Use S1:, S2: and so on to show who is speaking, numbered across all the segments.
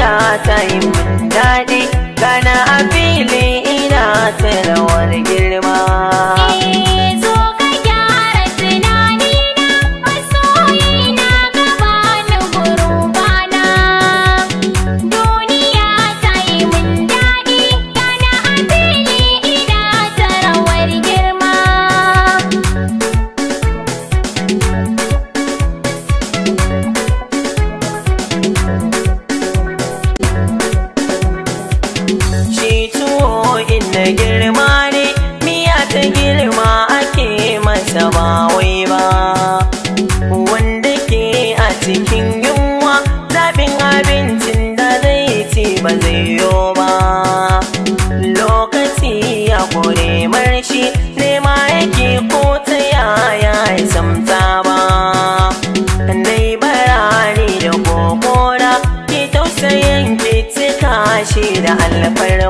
S1: soyayya ta yi daɗi kana a fili ina tarawar warge. girma ne miya ta girma ake masa ba wai ba wanda ke a cikin yunwa zaɓin abincin da zai ci ba zai yo ba lokaci ya kore marshi nema yake ko ta yaya ya samta ba dai ne da kokora ke tausayin da alfarma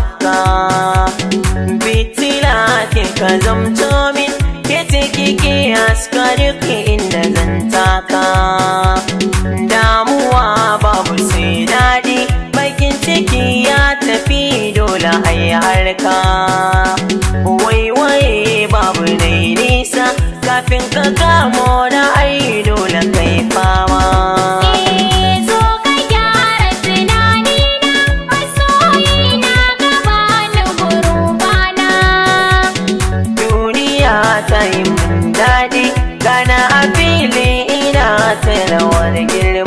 S1: ka zamto min ke ce kike duk inda zan taka damuwa babu sai daɗi bakin ciki ya tafi dole ai harka waiwaye babu dai-dai nisa kafin ka kamo na ai dole kai fa I wanna get it.